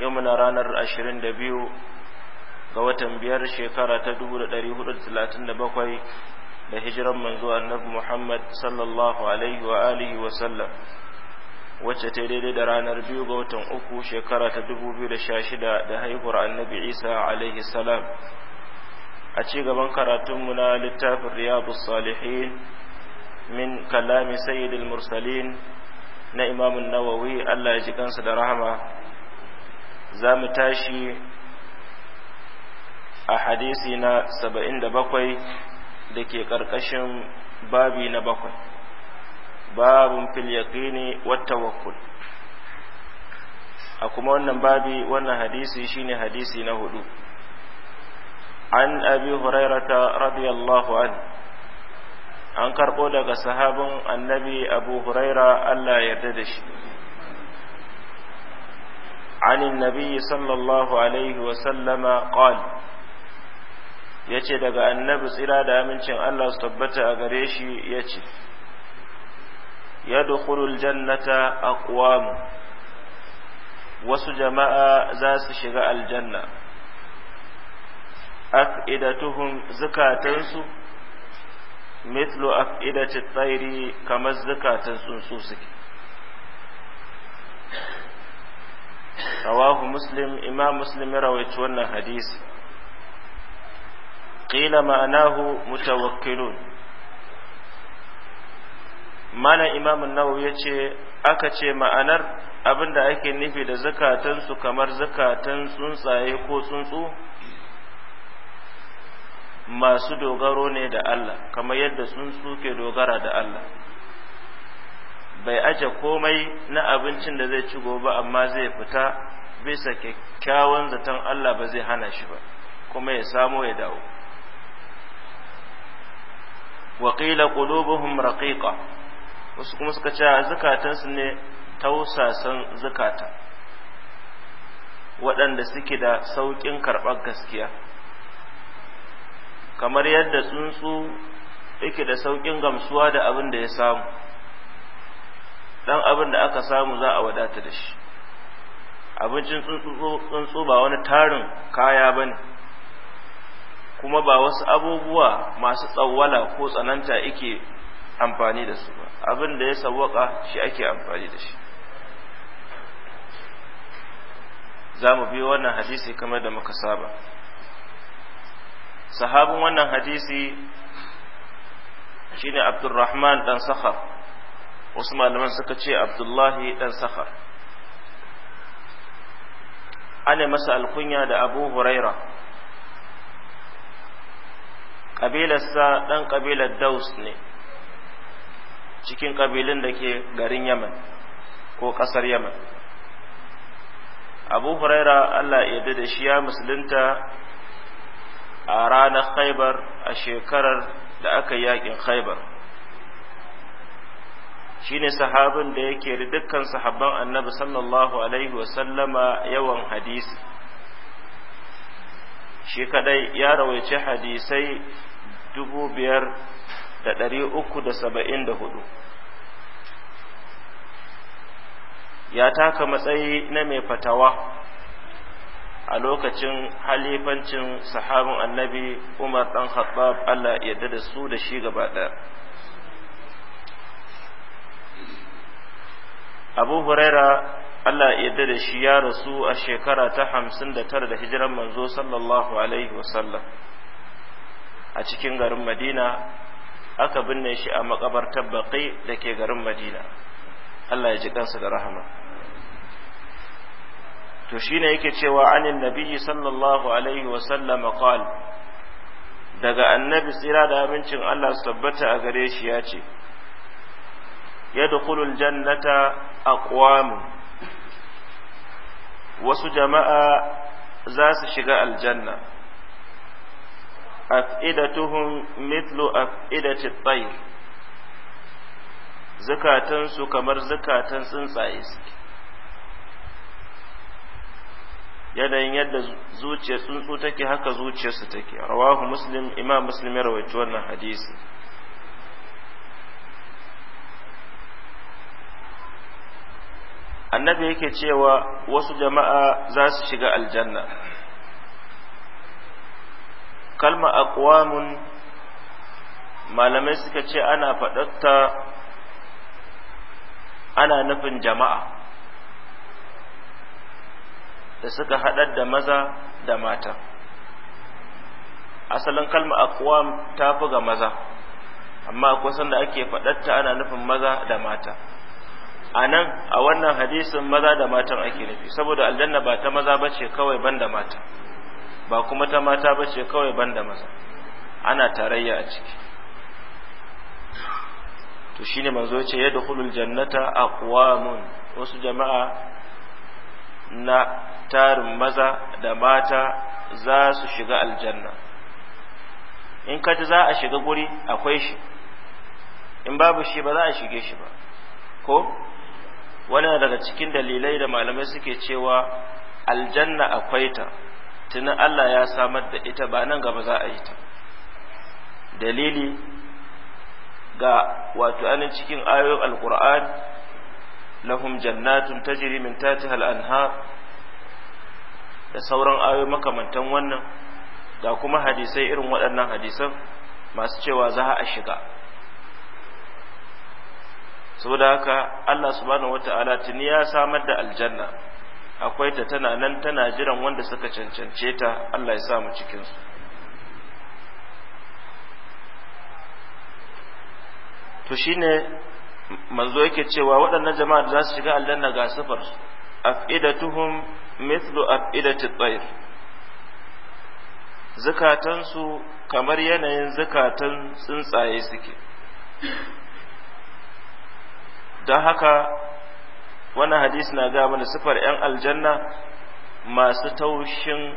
yau muna ranar 22 ga watan biyar shekara ta 1437 da hijiran manzo annabi Muhammad sallallahu alaihi wa alihi wa sallam wacce ta daidai da ranar biyu ga watan uku shekara ta 2016 da haihuwar annabi Isa alaihi salam a ci gaban karatunmu na littafin riyadus salihin min kalami sayyidil mursalin na imamun nawawi Allah ya ji kansa da rahama za mu tashi a hadisi na saba'in da bakwai da ke ƙarƙashin babi na bakwai babin fil ne wat wakul. a kuma wannan babi wannan hadisi shine hadisi na hudu an abi hurairata radiyallahu an an karɓo daga sahabin annabi abu huraira allah yarda da shi عن النبي صلى الله عليه وسلم قال yace daga annabi tsira da amincin Allah su tabbata a gare shi yace yadkhulul jannata aqwam wasu jama'a za su shiga aljanna afidatuhum zukatansu mithlu afidati tsairi kamar zukatan tsuntsu suke rawahu muslim imam muslim ya rawaici wannan hadisi qila ma'anahu mutawakkilun mana imam nawawi yace aka ce ma'anar abinda ake nufi da zakatansu kamar zakatan tsuntsaye ko tsuntsu masu dogaro ne da Allah kamar yadda tsuntsu ke dogara da Allah bai aje komai na abincin da zai ci gobe amma zai fita bisa kyakkyawan zaton Allah ba zai hana shi ba kuma ya samo ya dawo waƙila qulubuhum raqiqa wasu kuma suka ce zukatansu ne tausasan zukata waɗanda suke da sauƙin karɓar gaskiya kamar yadda tsuntsu yake da sauƙin gamsuwa da abin da ya samu dan abin da aka samu za a wadata da shi abincin tsuntsu ba wani tarin kaya ba kuma ba wasu abubuwa masu tsawwala ko tsananta ike amfani da su ba abin da ya sawwaka shi ake amfani da shi za mu biyo wannan hadisi kamar da muka saba sahabin wannan hadisi shine abdurrahman dan sakhar wasu malaman suka ce abdullahi dan safar ana masa alkunya da abu huraira ƙabilarsa ɗan ƙabilar daus ne cikin ƙabilun da ke garin yaman ko ƙasar yaman abu huraira allah yadda da shi ya musulunta a ranar khaibar a shekarar da aka yi yakin khaibar shine sahabin da yake da dukkan sahabban annabi sallallahu alaihi wa sallama yawan hadisi shi kadai ya rawaice hadisai dubu biyar da ɗari uku da saba'in da hudu ya taka matsayi na mai fatawa a lokacin halifancin sahabin annabi umar ɗan khattab allah yadda da su da shi gaba ɗaya abu huraira Allah yadda da shi ya rasu a shekara ta hamsin da tara da hijiran manzo sallallahu alaihi wasallam a cikin garin madina aka binne shi a makabartar baƙi da ke garin madina Allah ya ji kansa da rahama to shi ne yake cewa anin nabiyyi sallallahu alaihi wasallam qal daga annabi tsira da abincin Allah su tabbata a gare shi ya ce يدخل الجنة أقوام wasu jama'a za su shiga aljanna af'idatuhum Tuhun af'idati at-tayr zakatan su kamar zukatan tsuntsaye suke yanayin yadda zuciyar tsuntsu take haka zuciyarsu take rawahu muslim imam muslim ya rawaito wannan hadisi annabi yake cewa wasu jama'a za su shiga aljanna kalma aqwamun malamai suka ce ana faɗatta ana nufin jama'a da suka haɗar da maza da mata asalin kalma aqwam ta fi ga maza amma akwai sanda ake faɗatta ana nufin maza da mata a nan a wannan hadisin maza da matan ake nufi saboda aljanna ba ta maza ba ce kawai ban da mata ba kuma ta mata ba ce kawai ban da maza ana tarayya a ciki to shine manzo ce ya dukhulul jannata aqwamun wasu jama'a na tarin maza da mata za su shiga aljanna in ka ji za a shiga guri akwai shi in babu shi ba za a shige shi ba ko wani daga cikin dalilai da malamai suke cewa aljanna akwai ta tuni Allah ya samar da ita ba nan gaba za a yi ta dalili ga wato anin cikin ayoyin alkur'an lahum jannatun tajri min tatihal anhar da sauran ayoyi makamantan wannan ga kuma hadisai irin waɗannan hadisan masu cewa za a shiga saboda haka Allah subhanahu wataala tuni ya samar da aljanna akwai ta tana nan tana jiran wanda suka cancance ta Allah ya sa mu cikin su to shine manzo yake cewa waɗannan jama'a za su shiga aljanna ga sifar afidatuhum mithlu afidati tayr zakatansu kamar yanayin zakatan tsuntsaye suke don haka wannan hadisi na ga mana sifar 'yan aljanna masu taushin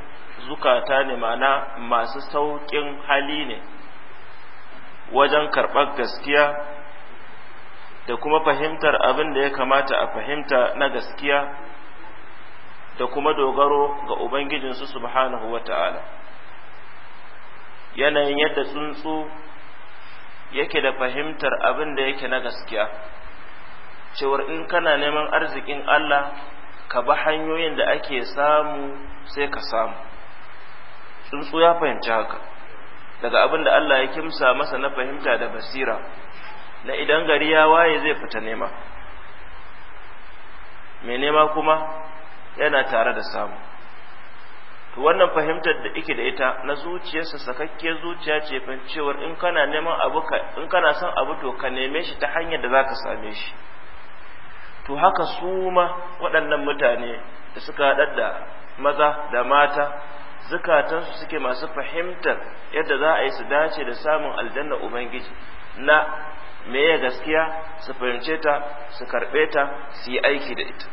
zukata ne mana masu sauƙin hali ne wajen karɓar gaskiya da kuma fahimtar abin da ya kamata a fahimta na gaskiya da kuma dogaro ga Ubangijinsu subhanahu wa ta'ala yanayin yadda tsuntsu yake da fahimtar abin da yake na gaskiya cewar in kana neman arzikin Allah ka ba hanyoyin da ake samu sai ka samu tsuntsu ya fahimci haka daga abin da Allah ya kimsa masa na fahimta da basira na idan gari ya waye zai fita nema mai nema kuma yana tare da samu to wannan fahimtar da ike da ita na zuciyarsa sakakke zuciya ce cewar in kana neman abu in kana son abu to ka neme shi ta hanyar da zaka same shi to haka su ma waɗannan mutane da suka haɗa maza da mata zukatansu suke masu fahimtar yadda za a yi su dace da samun aljanna ubangiji na me ya gaskiya su fahimce ta su karɓe ta su yi aiki da ita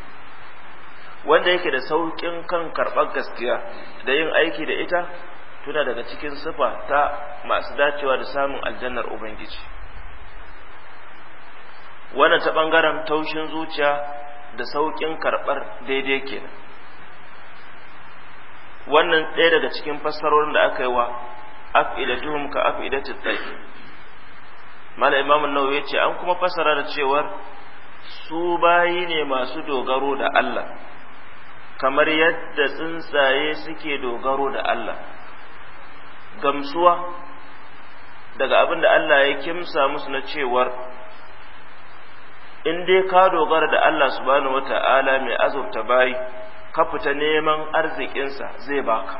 wanda yake da sauƙin kan karɓar gaskiya da yin aiki da ita tuna daga cikin sifa ta masu dacewa da samun aljannar ubangiji wannan ta ɓangaren taushin zuciya da sauƙin karɓar daidai kenan wannan ɗaya daga cikin fassarorin da aka yi wa af'idatuhum ka af'idatit tayy mala imam an ya ce, an kuma fassara da cewar su bayi ne masu dogaro da Allah kamar yadda tsuntsaye suke dogaro da Allah gamsuwa daga abin da Allah ya kimsa musu na cewar in dai ka dogara da Allah subhanahu wata'ala mai azurta bayi ka fita neman arzikinsa zai baka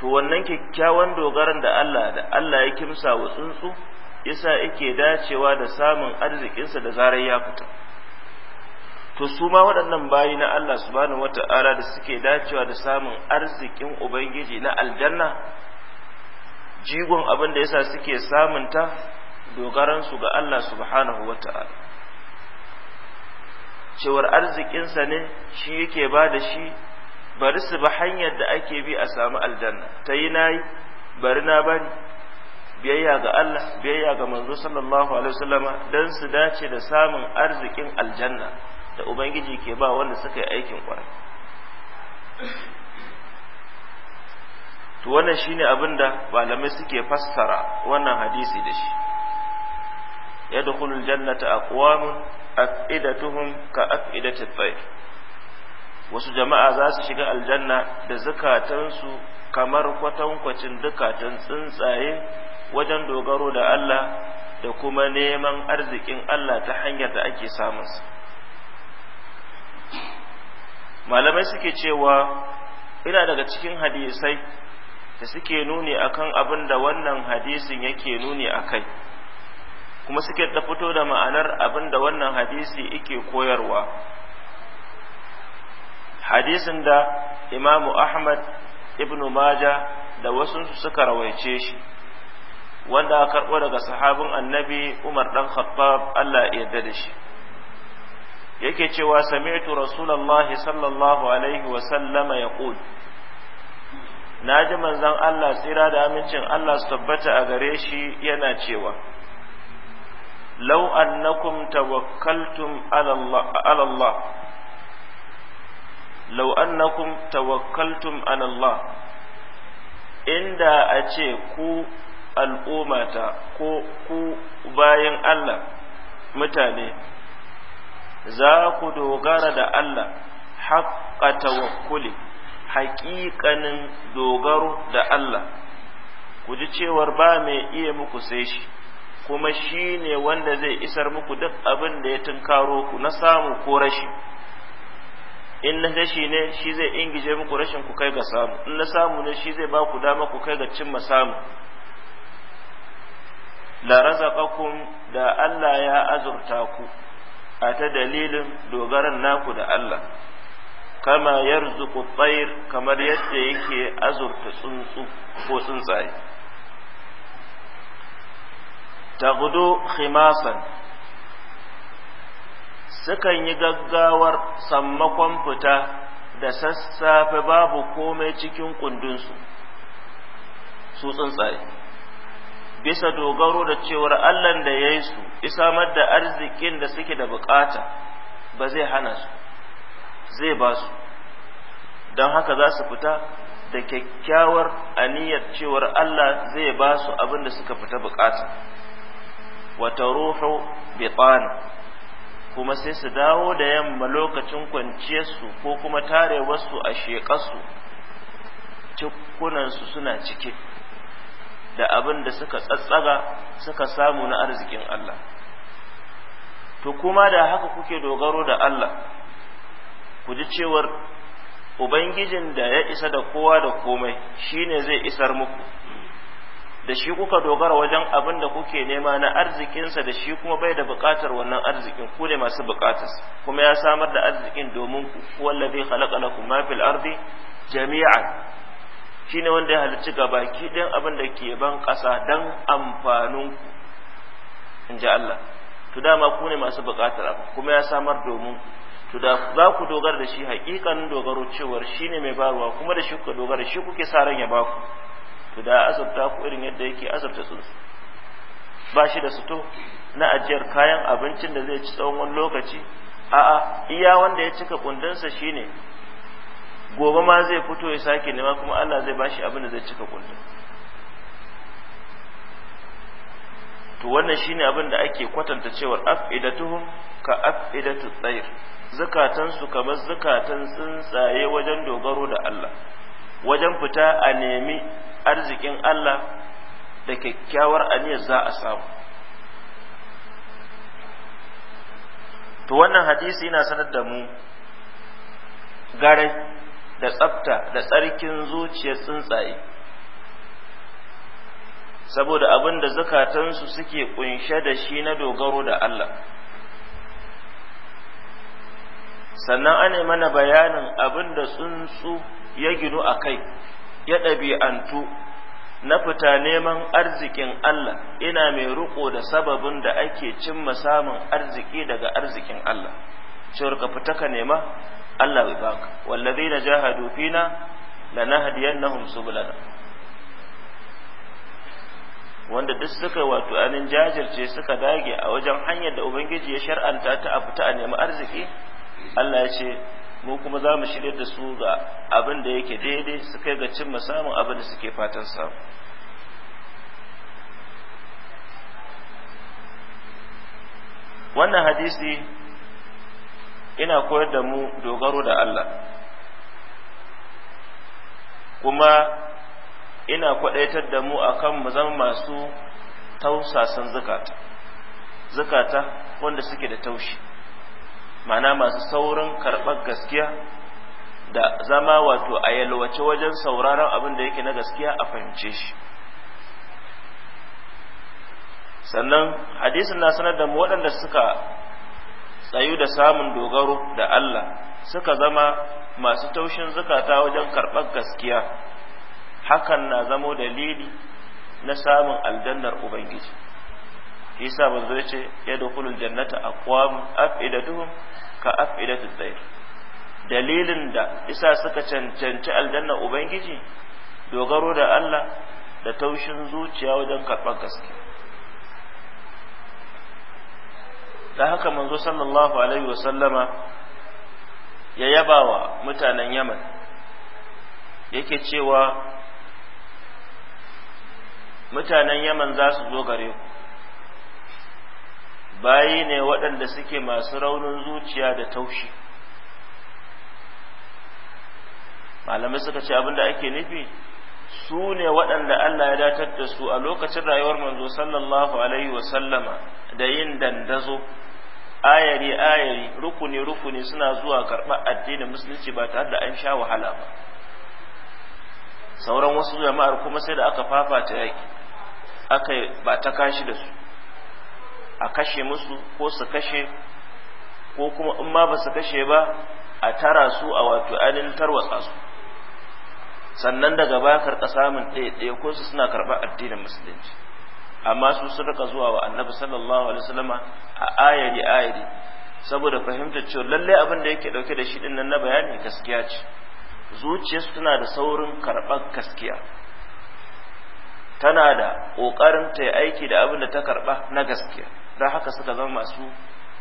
to wannan kyakkyawan dogaran da Allah da Allah ya kimsa wa tsuntsu yasa yake dacewa da samun arzikinsa da zarar ya fita to su ma waɗannan bayi na Allah subhanahu wata'ala da suke dacewa da samun arzikin ubangiji na aljanna jigon abin da yasa suke samunta dogaransu ga Allah subhanahu wa ta'ala cewar arzikinsa ne shi yake ba da shi bari su ba hanyar da ake bi a samu aljanna ta yi na yi bari na bari biyayya ga Allah biyayya ga manzo sallallahu alaihi wasallama dan su dace da samun arzikin aljanna da ubangiji ke ba wanda suka yi aikin kwarai to wannan shine da malamai suke fassara wannan hadisi da shi yadkhulul jannata aqwamun afidatuhum ka afidati tayr wasu jama'a za su shiga aljanna da zukatansu kamar kwatankwacin zukatan tsuntsaye wajen dogaro da Allah da kuma neman arzikin Allah ta hanyar da ake samunsa malamai suke cewa ina daga cikin hadisai da suke nuni akan abin da wannan hadisin yake nuni a kai. kuma suke ta fito da ma'anar abinda wannan hadisi yake koyarwa hadisin da imamu ahmad ibnu maja da wasu suka rawaice shi wanda aka karɓo daga sahabin annabi umar dan khattab allah ya yarda da shi yake cewa sami'tu rasulullahi sallallahu alaihi wa sallama Na naji manzon Allah tsira da amincin Allah su tabbata a gare shi yana cewa لو أنكم توكلتم على الله inda a ce ku al'ummata ko ku bayan Allah mutane za ku dogara da Allah haƙƙa tawakkuli haƙiƙanin dogaro da Allah ku ji cewar ba mai iya muku sai shi kuma shi ne wanda zai isar muku duk abin da ya tunkaro ku na samu ko rashi in na rashi ne shi zai ingije muku rashin ku kai ga samu in na samu ne shi zai ba ku dama ku kai ga cimma samu la razaqakum da Allah ya azurta ku a ta dalilin dogaran naku da Allah kama yarzuqu at-tayr kamar yadda yake azurta tsuntsu ko tsuntsaye tagudu khimasan sukan yi gaggawar sammakon fita da sassafe babu komai cikin kundinsu su tsuntsaye bisa dogaro da cewar allan da ya yi su isamar da arzikin da suke da bukata ba zai hana su zai ba su don haka za su fita da kyakkyawar aniyar cewar allah zai ba su abin da suka fita bukata wata ruhu bitan kuma sai su dawo da yamma lokacin kwanciyarsu ko kuma tarewarsu a sheƙarsu cikunansu suna cike da abin da suka tsatsaga suka samu na arzikin Allah to kuma da haka kuke dogaro da Allah ku ji cewar Ubangijin da ya isa da kowa da komai shine zai isar muku da shi kuka dogara wajen abin da kuke nema na arzikinsa da shi kuma bai da buƙatar wannan arzikin ku ne masu buƙatar kuma ya samar da arzikin domin ku wallafi khalaqa lakum ma fil ardi jami'an shine wanda ya halicci gabaki ɗin abin da ke ban ƙasa dan amfanin ku in ji Allah to dama ku ne masu buƙatar abu kuma ya samar domin ku to da za ku dogara da shi haƙiƙanin dogaro cewar shine mai baruwa kuma da shi kuka dogara shi kuke sa ran ya baku to da azurta ku irin yadda yake azurta su ba shi da suto na ajiyar kayan abincin da zai ci tsawon wani lokaci a'a iya wanda ya cika kundinsa shine gobe ma zai fito ya sake nema kuma Allah zai bashi abin da zai cika kundin to wannan shine abin da ake kwatanta cewar af'idatuhum ka af'idatu tsayr zakatan su kamar zakatan tsuntsaye wajen dogaro da Allah wajen fita a nemi arzikin Allah da kyakkyawar aniyar za a samu to wannan hadisi yana sanar da mu gare da tsafta da tsarkin zuciyar tsuntsaye saboda abin da zukatansu suke kunshe da shi na dogaro da Allah sannan ana mana bayanin abin da tsuntsu ya ginu a kai ya ɗabi'antu na fita neman arzikin Allah ina mai riko da sababin da ake cimma samun arziki daga arzikin Allah cewar ka fita ka nema Allah bai baka wallazi na jahadu fina lanahdiyannahum subulana wanda duk suka wato anin jajirce suka dage a wajen hanyar da ubangiji ya shar'anta ta a fita a nemi arziki Allah ya ce mu kuma za mu shirya da su ga abin da yake daidai su kai ga cimma samun abin da suke fatan samu wannan hadisi ina koyar da mu dogaro da Allah kuma ina kwaɗaitar da mu akan mu zama masu tausasan zukata zukata wanda suke da taushi ma'ana masu saurin karɓar gaskiya da zama wato a yalwace wajen sauraron abin da yake na gaskiya a fahimce shi sannan hadisin na sanar da waɗanda suka tsayu da samun dogaro da Allah suka zama masu taushin zukata wajen karɓar gaskiya hakan na zamo dalili na samun aljannar ubangiji shi yasa manzo yace yadkhulul jannata aqwam afidatuhum ka afidatu tsair dalilin da isa suka cancanci aljanna ubangiji dogaro da Allah da taushin zuciya wajen karɓar gaske da haka manzo sallallahu alaihi wa sallama ya yabawa mutanen Yaman yake cewa mutanen Yaman za su zo gare ku bayi ne waɗanda suke masu raunin zuciya da taushi malamai suka ce abinda ake nufi su ne waɗanda Allah ya datar da su a lokacin rayuwar manzo sallallahu alaihi wa sallama da yin dandazo ayari ayari rukuni rukuni suna zuwa karɓar addinin musulunci ba tare da an sha wahala ba sauran wasu jama'ar kuma sai da aka fafata yaki aka ba ta kashi da su a kashe musu ko su kashe ko kuma in ma ba su kashe ba a tara su a wato ainihin tarwatsa su sannan daga baya karɓa samun ɗaya ko su suna karɓar addinin musulunci amma su sun rika zuwa wa annabi sallallahu alaihi wasallama a ayari ayari saboda fahimtar cewa lallai abin da yake dauke da shi din na bayani gaskiya ce zuciyarsu tana da saurin karɓar gaskiya tana da ƙoƙarin ta aiki da abin da ta karɓa na gaskiya don haka suka zama masu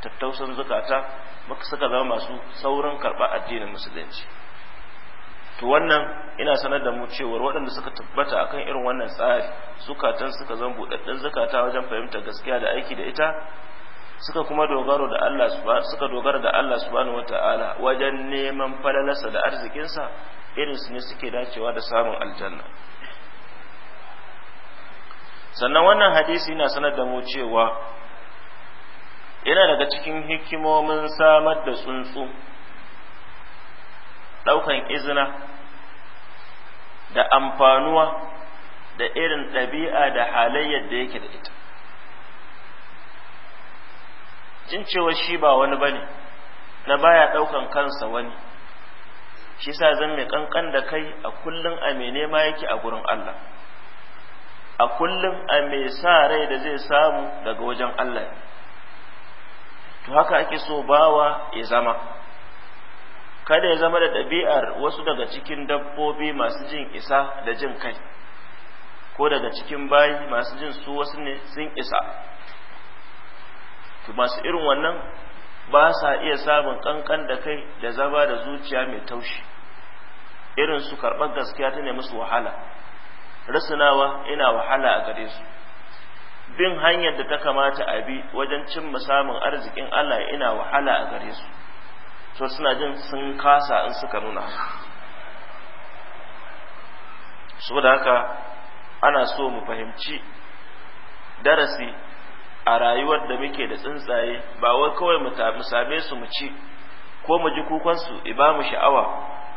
tattausan zukata maka suka zama masu saurin karɓa addinin musulunci to wannan ina sanar da mu cewar waɗanda suka tabbata akan irin wannan tsari zukatan suka zama buɗaɗɗen zukata wajen fahimtar gaskiya da aiki da ita suka kuma dogaro da Allah suka dogara da Allah subhanahu wata'ala wajen neman falalarsa da arzikinsa irinsu ne suke dacewa da samun aljanna sannan wannan hadisi yana sanar da mu cewa yana daga cikin hikimomin samar da tsuntsu ɗaukan izina da amfanuwa da irin ɗabi'a da halayyar da yake da ita jin cewa shi ba wani ba ne, na baya ɗaukan kansa wani shi sa zan mai ƙanƙan da kai a kullum a mai nema yake a gurin Allah a kullum a mai sa rai da zai samu daga wajen Allah to haka ake so bawa ya zama kada ya zama da ɗabi'ar wasu daga cikin dabbobi masu jin isa da jin kai ko daga cikin bayi masu jin su wasu ne sun isa to masu irin wannan ba sa iya samun kankan da kai da zaba da zuciya mai taushi irin su karɓar gaskiya ta ne musu wahala rusunawa ina wahala a gare su bin hanyar da ta kamata a bi wajen cimma samun arzikin Allah ina wahala a gare su to suna jin sun kasa in suka nuna saboda haka ana so mu fahimci darasi a rayuwar da muke da tsuntsaye ba wai kawai mu same su mu ci ko mu ji kukansu iba mu sha'awa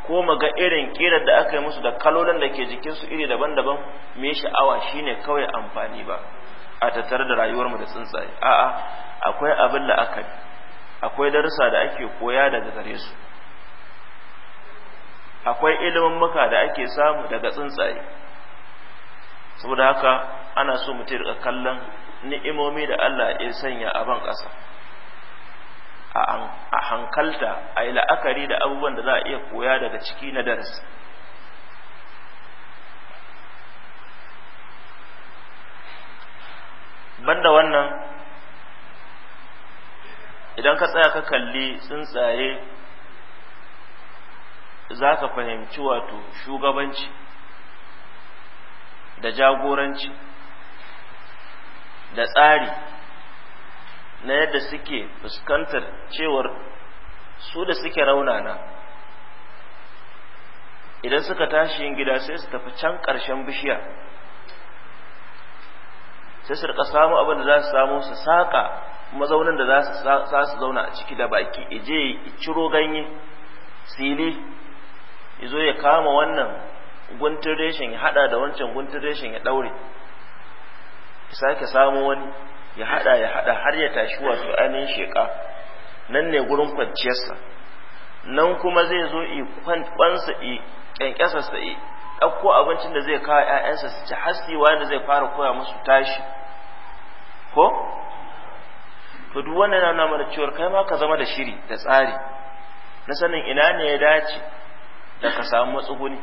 ko mu ga irin kirar da aka yi musu da kalolin da ke jikinsu iri daban-daban me sha'awa shine kawai amfani ba a tattare da rayuwarmu da tsuntsaye a'a akwai abin la'akari akwai darussa da ake koya daga gare su akwai ilimin muka da ake samu daga tsuntsaye saboda haka ana so mutum rika kallon ni'imomi da Allah ya sanya a ban ƙasa a hankalta a yi la'akari da abubuwan da za a iya koya daga ciki na darasi banda wannan idan ka tsaya ka kalli tsuntsaye za ka fahimci wato shugabanci da jagoranci da tsari na yadda suke fuskantar cewar su da suke raunana idan suka tashi yin gida sai su tafi can ƙarshen bishiya sai su rika samu abin da za su samu su saƙa mazaunin da za su zauna a ciki da baki ije ciro ganye sili zo ya kama wannan guntun reshen ya hada da wancan guntun reshen ya daure sake samu wani ya hada ya hada har ya tashi wato ainihin sheka nan ne gurin kwanciyarsa nan kuma zai zo i kwansa i sa i ɗauko abincin da zai kawo ‘ya'yansa su ci hasi wanda zai fara koya musu tashi ko to duk wannan yana mana cewa kai ma ka zama da shiri da tsari na sanin ina ne ya dace da ka samu matsuguni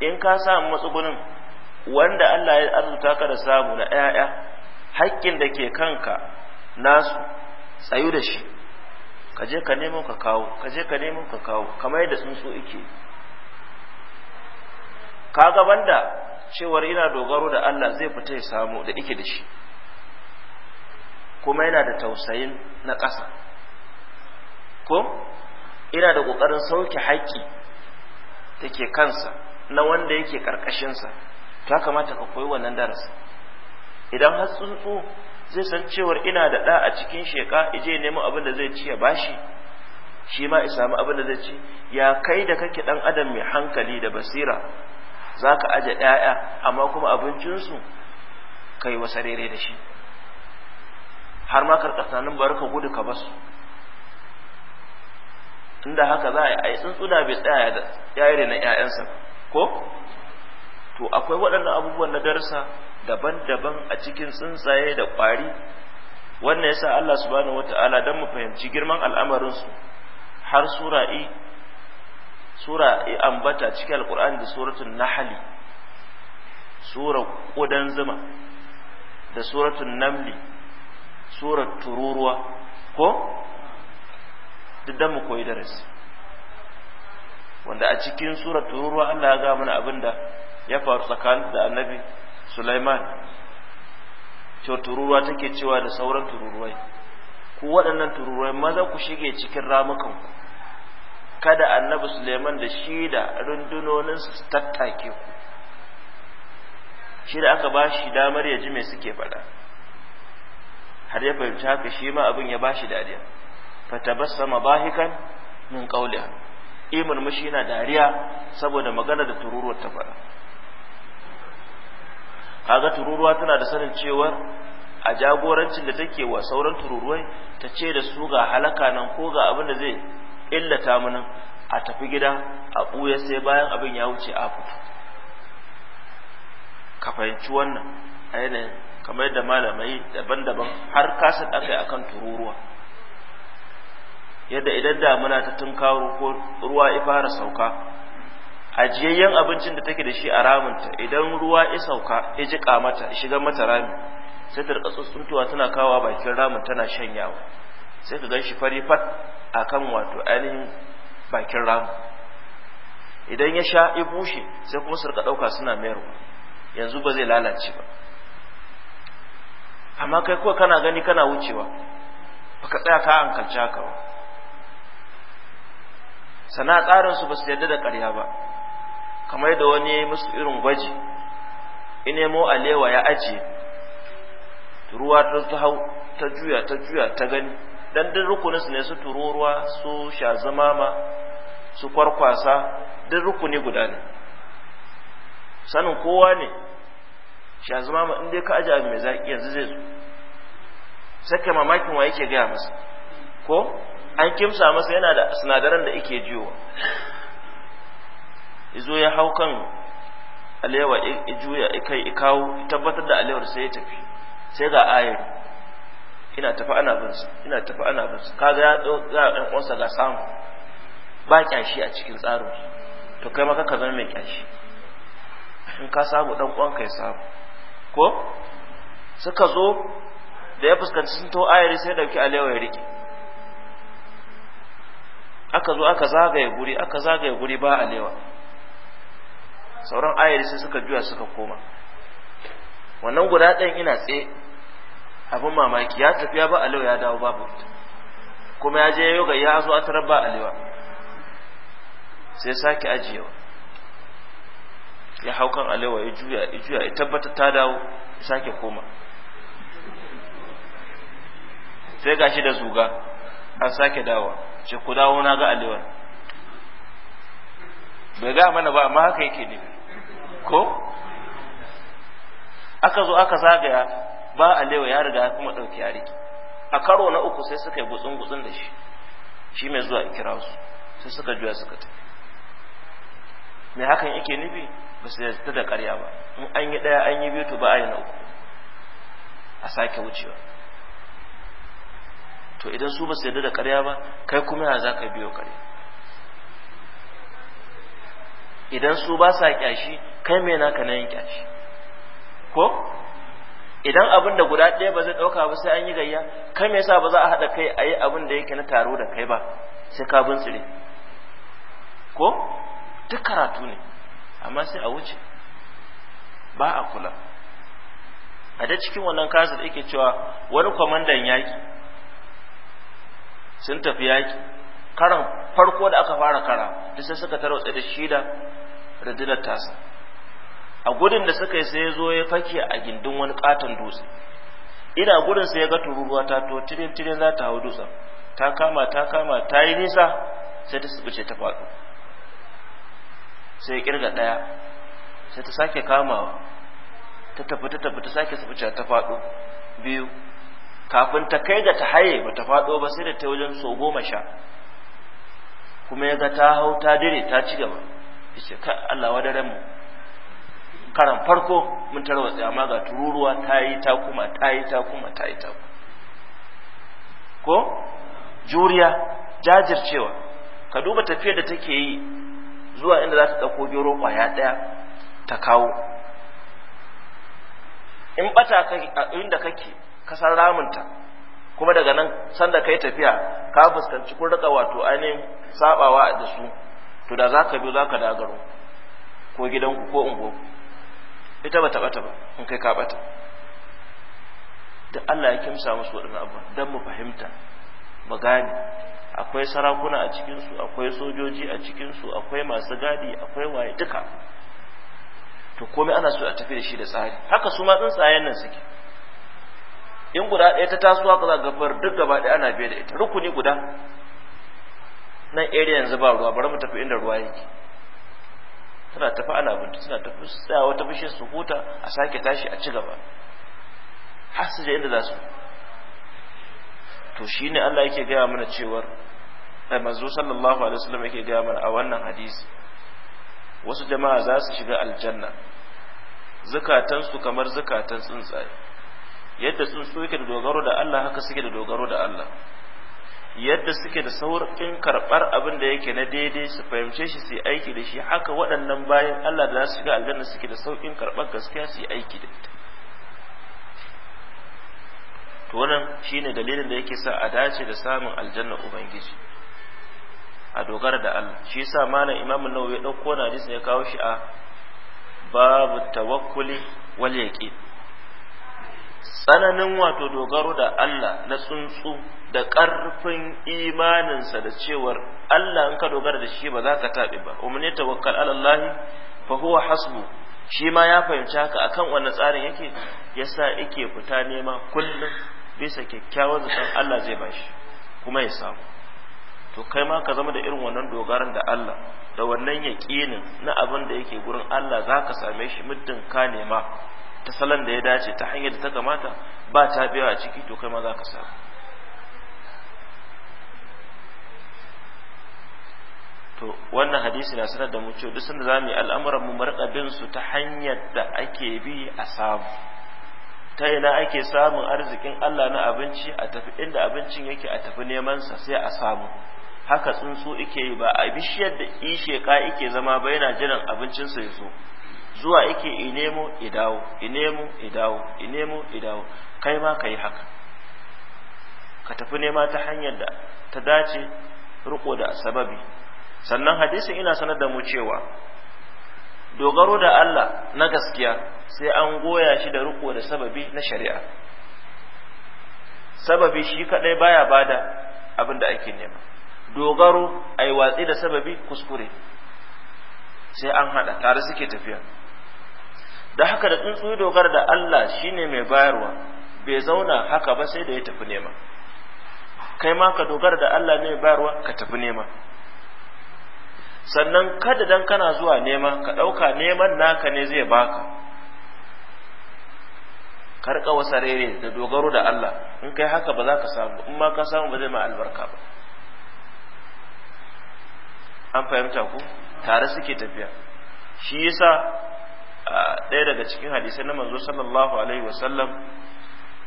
in ka samu matsugunin wanda Allah ya arzuta ka da samu na ‘ya'ya haƙƙin da ke kanka nasu tsayu da shi ka je ka nemo ka kawo ka je ka nemo ka kawo kamar yadda tsuntsu yake ka ga banda cewar ina dogaro da Allah zai fita ya samu da ike da shi kuma yana da tausayin na ƙasa ko ina da ƙoƙarin sauke haƙƙi da ke kansa na wanda yake ƙarƙashinsa ta kamata ka koyi wannan darasi idan har tsuntsu zai san cewar ina da ɗa a cikin sheka ije nemo abin da zai ci ya bashi shi ma ya abin da zai ci ya kai da kake ɗan adam mai hankali da basira za ka aje ɗaya amma kuma abincinsu kai wasa rere da shi har ma karkatanin bari ka gudu ka basu inda haka za a yi tsuntsu da bai tsaya da yi na ƴaƴansa ko to akwai waɗannan abubuwan na darsa daban-daban a cikin tsuntsaye da ƙwari wannan yasa Allah subhanahu wata'ala don mu fahimci girman al'amarinsu har sura'i sura i ambata cikin alkur'ani da suratul nahali, sura ƙudan zuma da suratun namli sura tururuwa ko duk mu koyi darasi wanda a cikin sura tururuwa Allah ya ga mana abin da ya faru tsakanin da annabi Sulaiman cewa tururuwa take cewa da sauran tururuwai ku waɗannan tururuwai maza ku shige cikin ramukan ku kada annabi Sulaiman da shi da rundunonin su tattake ku shi da aka ba shi damar ya ji me suke faɗa har ya fahimci haka shi ma abin ya ba shi dariya tabassama bahikan min qawliha imin mashi yana dariya saboda magana da tururuwar ta faɗa kaga tururuwa tana da sanin cewar a jagorancin da take wa sauran tururuwai ta ce da su ga halaka nan ko ga abin da zai illata mu nan a tafi gida a ɓuya sai bayan abin ya wuce a fito ka fahimci wannan a yanayin kamar yadda malamai daban-daban har kasar aka yi akan tururuwa yadda idan damuna ta kawo ko ruwa ya fara sauka ajiyayyen abincin da take da shi a ramunta idan ruwa ya sauka ya jika mata ya shiga mata rami sai ta rikatsu tsuntuwa tana kawo bakin ramin tana shanyawa sai ka gan shi fari fat akan wato ainihin bakin ramu idan ya sha ya bushe sai kuma su rika ɗauka suna mayarwa yanzu ba zai lalace ba amma kai kuwa kana gani kana wucewa ba ka tsaya ka hankalci haka ba sana tsarinsu ba su yarda da ƙarya ba kamar da wani ya yi musu irin gwaji in nemo alewa ya ajiye ruwa ta hau ta juya ta juya ta gani dan duk rukuninsu ne su turuwa su shazamama su kwarkwasa duk rukuni guda ne sanin kowa ne shazamama in dai ka ajiye abu mai zaki yanzu zai zo sake mamakin wa yake gaya masa ko an kimsa masa yana da sinadaran da yake jiwa izo ya hau kan alewa juya kai ikawo tabbatar da alewar sai ya tafi sai ga ayar ina tafi ana bin su ina tafi ana bin su kaga ya ga ɗan uwansa ga samu ba kyashi a cikin tsarin to kai maka ka zama mai kyashi in ka samu ɗan uwanka ya samu ko suka zo da ya fuskanci sun to ayari sai dauki alewa ya rike aka zo aka zagaye guri aka zagaye guri ba alewa sauran ayari sai suka juya suka koma wannan guda ɗayan ina tse abin mamaki ya tafi ya ba alewa ya dawo babu kuma ya je yoga ya zo a tarar ba alewa sai sake ajiyewa ya hau kan alewa ya juya ya juya ya tabbata ta dawo ya sake koma sai gashi da zuga an sake dawa ce ku dawo na ga alewa bai ga mana ba amma haka yake ne ko aka zo aka zagaya ba a lewa ya riga ya kuma ɗauki yariki a karo na uku sai suka yi gutsun gutsun da shi shi mai zuwa kira su sai suka juya suka tafi me hakan yake nufi ba su yarda da ƙarya ba in an yi ɗaya an yi biyu to ba a yi na uku a sake wucewa to idan su ba su yarda da ƙarya ba kai kuma ya za ka biyo ƙarya idan su ba sa ƙyashi kai mai naka na yanke shi ko idan abin da guda ɗaya ba zai ɗauka ba sai an yi gayya kai me yasa ba za a haɗa kai a yi abin da yake na taro da kai ba sai ka tsire ko duk karatu ne amma sai a wuce ba a kula a da cikin wannan kasar yake cewa wani kwamandan yaƙi sun tafi yaƙi karan farko da aka fara kara duk sai suka tarwatsa da shida da dinar tasa a gudun da suka yi sai ya zo ya fake a gindin wani katon dutse ina gudun sai ya ga tururuwa ta to tirin tirin za ta hau dutsen ta kama ta kama ta yi nisa sai ta subuce ta faɗo sai ya kirga ɗaya sai ta sake kamawa ta tafi ta tafi ta sake subuce ta faɗo biyu kafin ta kai ga ta haye ba ta faɗo ba sai da ta wajen so goma sha kuma ya ga ta hau ta dire ta ci gaba ya ce ka Allah wadaren mu karan farko mun tarwatsa amma ga tururuwa ta yi ta kuma ta yi ta kuma ta yi ta ko juriya jajircewa ka duba tafiyar da take yi zuwa inda za ta ɗauko gero ƙwaya ɗaya ta kawo in ɓata inda kake ka san ramunta kuma daga nan sanda kai tafiya ka fuskanci kun rika wato ainihin sabawa da su to da za ka biyo za ka dagaro ko gidanku ko unguwarku ita ba bata ba in kai ka bata da Allah ya kimsa musu waɗannan abu don mu fahimta mu gane akwai sarakuna a cikinsu akwai sojoji a cikinsu akwai masu gadi akwai waye duka to komai ana so a tafi da shi da tsari haka su ma tsuntsayen nan suke in guda ɗaya ta tasowa ka za gafar duk gaba ɗaya ana biye da ita rukuni guda nan area yanzu ba ruwa bari mu tafi inda ruwa yake suna tafi ana binta suna tafi tsaya wata bishiyar su huta a sake tashi a ci gaba har su je inda za su to shine Allah yake gaya mana cewar da eh, manzo sallallahu alaihi wasallam yake gaya mana a wannan hadisi wasu jama'a za su shiga aljanna zukatansu kamar zukatan tsuntsaye yadda tsuntsu yake da dogaro da Allah haka suke da dogaro da Allah yadda suke da saurin karɓar abin da yake na daidai su fahimce shi su aiki da shi haka waɗannan bayan Allah da su shiga aljanna suke da sauƙin karɓar gaskiya su aiki da ita to wannan shine dalilin da yake sa a dace da samun aljanna ubangiji a dogara da Allah shi yasa malam Imam Nawawi ya dauko na hadisi ya kawo shi a babu tawakkuli wal yaqin tsananin wato dogaro da Allah na tsuntsu da ƙarfin imaninsa da cewar Allah in ka dogara da shi ba za ka taɓe ba umarni tawakkal alallahi fa huwa hasbu shi ma ya fahimci haka akan wani tsarin yake sa yake fita nema kullum bisa kyakkyawan zaton Allah zai shi kuma ya samu to kai ma ka zama da irin wannan dogaran da Allah da wannan yaƙinin na abin da yake gurin Allah za ka same shi muddin ka nema ta salon da ya dace ta hanyar da ta kamata ba ta biya a ciki to kai ma za ka samu to wannan hadisi na sanar da mu cewa duk sanda zamu yi al'amuran mu marka bin su ta hanyar da ake bi a samu ta ina ake samun arzikin Allah na abinci a tafi inda abincin yake a tafi neman sa sai a samu haka tsuntsu ike yi ba a bishiyar da ishe ka ike zama ba yana jiran abincinsa ya zo zuwa yake inemo idawo inemo idawo inemo idawo kai ma ka yi haka ka tafi nema ta hanyar da ta dace riko da sababi sannan hadisin ina sanar da mu cewa dogaro da Allah na gaskiya sai an goya shi da riko da sababi na shari'a sababi shi kadai baya bada abin da ake nema dogaro ai watsi da sababi kuskure sai an hada tare suke tafiya da haka da tsuntsu dogara da Allah shine mai bayarwa bai zauna haka ba sai da ya tafi nema kai ma ka dogara da Allah ne bayarwa ka tafi nema sannan kada dan kana zuwa nema ka ɗauka neman naka ne zai baka karka wasa rere da dogaro da Allah in kai haka ba za ka samu in ma ka samu ba zai ma albarka ba an fahimta ku tare suke tafiya shi yasa ɗaya daga cikin hadisai na manzo sallallahu alaihi wasallam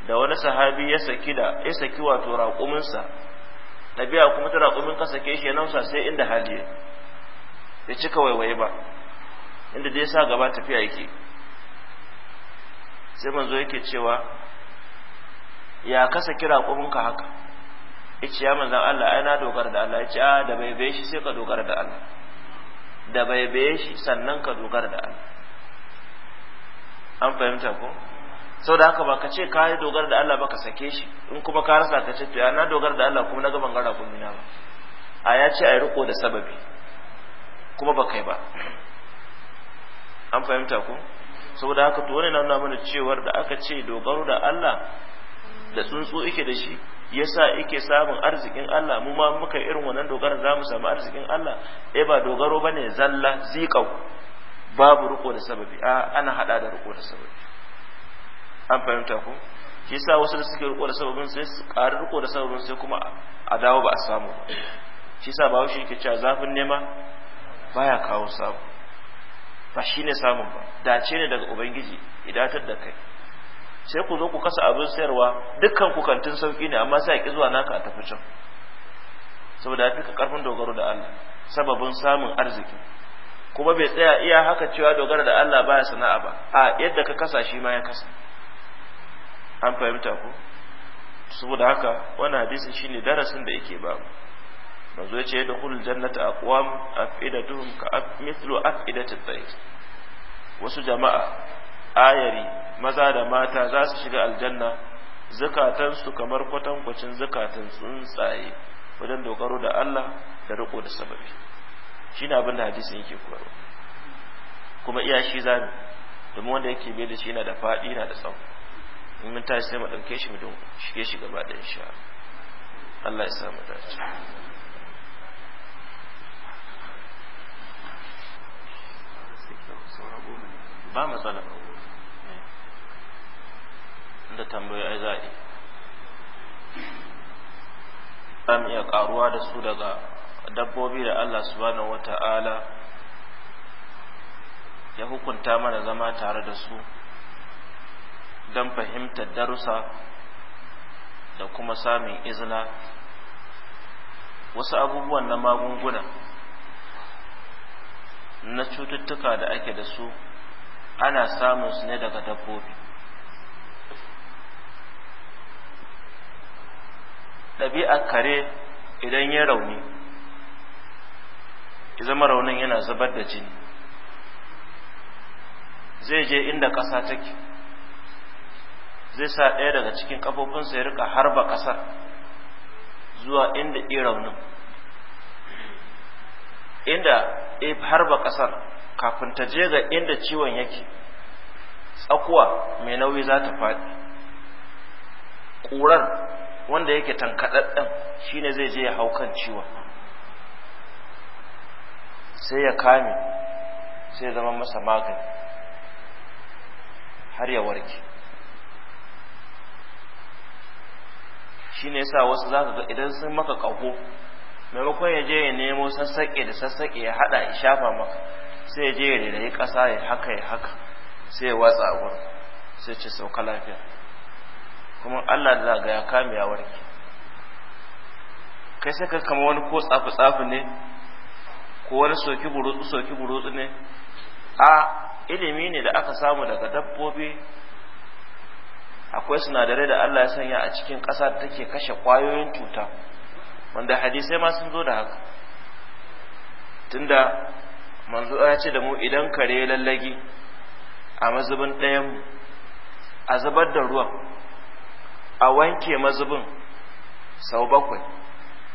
da wani sahabi ya saki da ya saki wato raƙuminsa ɗabi'a kuma ta raƙumin ka sake shi ya nausa sai inda hali ya cika waiwaye ba inda dai sa gaba tafiya yake sai manzo yake cewa ya kasa kira ka haka ice ya manzan Allah ai na dogara da Allah ice a ah, da bai shi sai ka dogara da Allah da bai shi sannan ka dogara da Allah an fahimta ko sau da haka ba ka ce ka yi dogara da Allah ba ka sake shi in kuma ka rasa ka ce to ya na dogara da Allah kuma na gaban gara kun ba a ya ce a yi riko da sababi kuma ba kai ba an fahimta ko saboda haka to wani na nuna mana cewar da aka ce dogaro da Allah da tsuntsu ike da shi ya sa ike samun arzikin Allah mu ma muka irin wannan dogara za mu samu arzikin Allah eh ba dogaro ne zalla ziqau babu riko da sababi a ana hada da riko da sababi an fahimta ko shi sa wasu da suke riko da sababin sai su ƙari riko da sababin sai kuma a dawo ba a samu shi sa ba shi yake cewa zafin nema baya kawo samu ba shine samun ba dace ne daga ubangiji idatar da kai sai ku zo ku kasa abin sayarwa dukkan ku kantin sauki ne amma sai ki zuwa naka a tafi can saboda ya fi karfin dogaro da Allah sababin samun arziki kuma bai tsaya iya haka cewa dogara da Allah baya sana'a ba a yadda ka kasa shi ma ya kasa an fahimta ko saboda haka wannan hadisin shine darasin da yake ba manzo yace kullu jannata aqwam afidatuhum ka mithlu afidatit tayyib wasu jama'a ayari maza da mata za su shiga aljanna zakatansu kamar kwatankwacin zakatan tsuntsaye wajen dogaro da Allah da riko da sababi na abin da hadisi yake koyarwa kuma iya shi zamu domin wanda yake bai da shi yana da faɗi yana da tsawo in mun tashi sai mu ɗauke shi mu don shige shi gaba da insha Allah ya mu dace ba matsala da tambayoyi ai za a iya ƙaruwa da su daga dabbobi da Allah subhanahu wata'ala ya hukunta mana zama tare da su don fahimtar darussa da kuma samun izina wasu abubuwan na magunguna na cututtuka da ake da su ana samun su ne daga dabbobi ɗabi'ar kare idan ya rauni ya zama raunin yana zubar da jini zai je inda ƙasa take zai sa ɗaya daga cikin ƙafofinsa ya rika harba ƙasar zuwa inda ɗi raunin inda ɗi harba ƙasar kafin ta je ga inda ciwon yake tsakuwa mai nauyi za ta faɗi ƙurar wanda yake tankaɗaɗɗen shine zai je ya hau kan ciwon sai ya kame sai zama masa magani har ya warke shi ne sa wasu za ga idan sun maka ƙaho maimakon ya je ya nemo sassaƙe da sassaƙe ya haɗa ya shafa maka sai ya je ya rerayi ƙasa ya haka ya haka sai ya watsa a sai ce sauka lafiya kuma allah da ga ya kame ya warke kai sai ka kama wani ko tsafi-tsafi ne ko wani soki burutsu soki burutsu ne a ilimi ne da aka samu daga dabbobi akwai sinadarai da Allah ya sanya a cikin ƙasa da take kashe ƙwayoyin cuta wanda hadisai ma sun zo da haka tunda manzo ya ce da mu idan kare lallagi a mazubin ɗayan a zubar da ruwan a wanke mazubin sau bakwai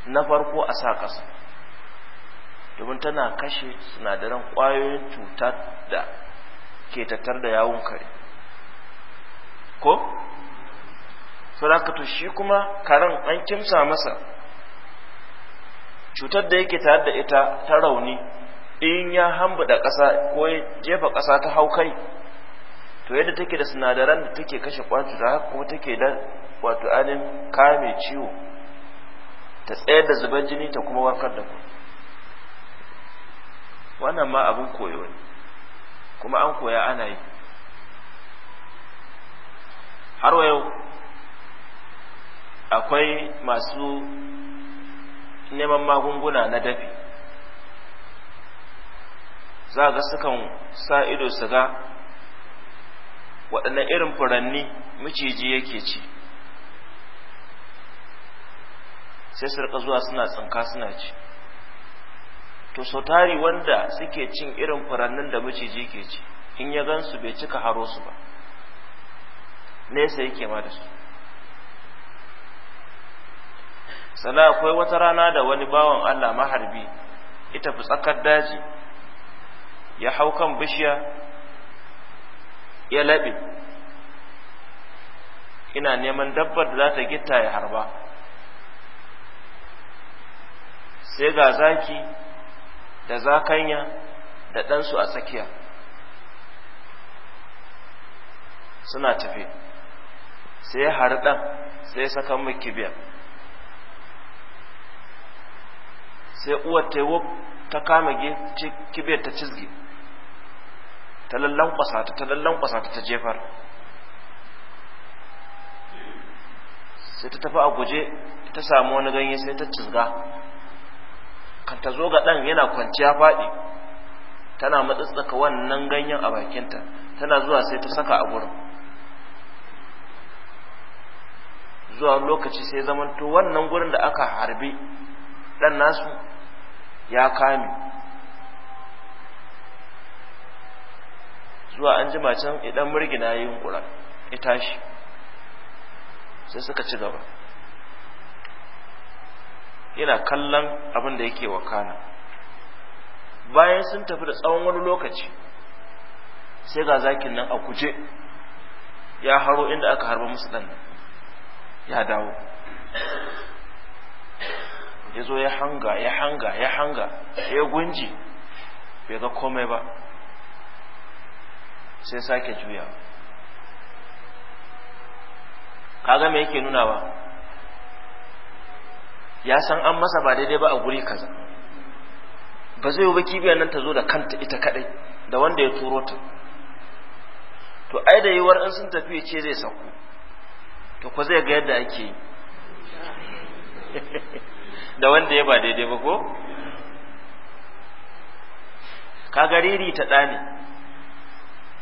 na farko a sa ƙasa domin tana kashe sinadaran ƙwayoyin cuta da ke tattar da yawun kare ko saboda to shi kuma karen an kimsa masa cutar da yake tare da ita ta rauni in ya da ƙasa ko ya jefa ƙasa ta hau kai to yadda take da sinadaran da take kashe kwanci da haka kuma take da wato ainihin kame ciwo ta tsayar da zubar jini ta kuma warkar da ku wannan ma abin koyo ne kuma an koya ana yi har yau akwai masu neman magunguna na dafi za ga sukan sa ido su ga waɗannan irin furanni miciji yake ci sai su rika zuwa suna tsinka suna ci to wanda suke cin irin furannin da maciji ke ci in ya gansu bai cika haro su ba nesa yake ma da su sana akwai wata rana da wani bawan allah maharbi ita fi tsakar daji ya hau kan bishiya ya laɓe ina neman dabbar da za ta gita ya harba sai ga zaki da zakanya da ɗansu a tsakiya suna tafi sai ya hari ɗan sai ya saka mai kibiya sai uwar ta ta kama kibiyar ta cizgi ta lallan kwasa ta lallan kwasata ta jefar sai ta tafi a guje ta samu wani ganye sai ta cizga kan ta zo ga ɗan yana kwanciya faɗi tana matsattsaka wannan ganyen a bakinta tana zuwa sai ta saka a gurin zuwa lokaci sai zamanto wannan gurin da aka harbi ɗan nasu ya kame zuwa an jima can idan murgina ya yi ita shi sai suka ci gaba ina kallon abin da yake wakana bayan sun tafi da tsawon wani lokaci sai ga zakin nan a kuje ya haro inda aka harba musu ɗan ya dawo ya zo ya hanga ya hanga ya hanga ya gunji bai ga komai ba sai sake juya kaga me yake nuna ba. ya san an masa ba daidai ba a guri kaza ba zai ba kibiyar nan ta zo da kanta ita kadai da wanda ya turo ta to ai da yiwuwar in sun tafi ce zai sauko to ko zai ga yadda ake yi da wanda ya ba daidai ba ko ka gariri ta ɗani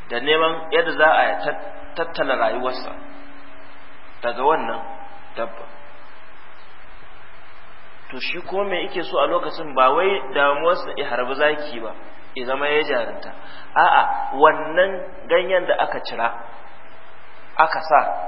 da neman yadda za a tattala rayuwarsa daga wannan dabba to shi ko me yake so a lokacin ba wai damuwarsa ya harbi zaki ba ya zama ya jarinta a'a wannan ganyen da aka cira aka sa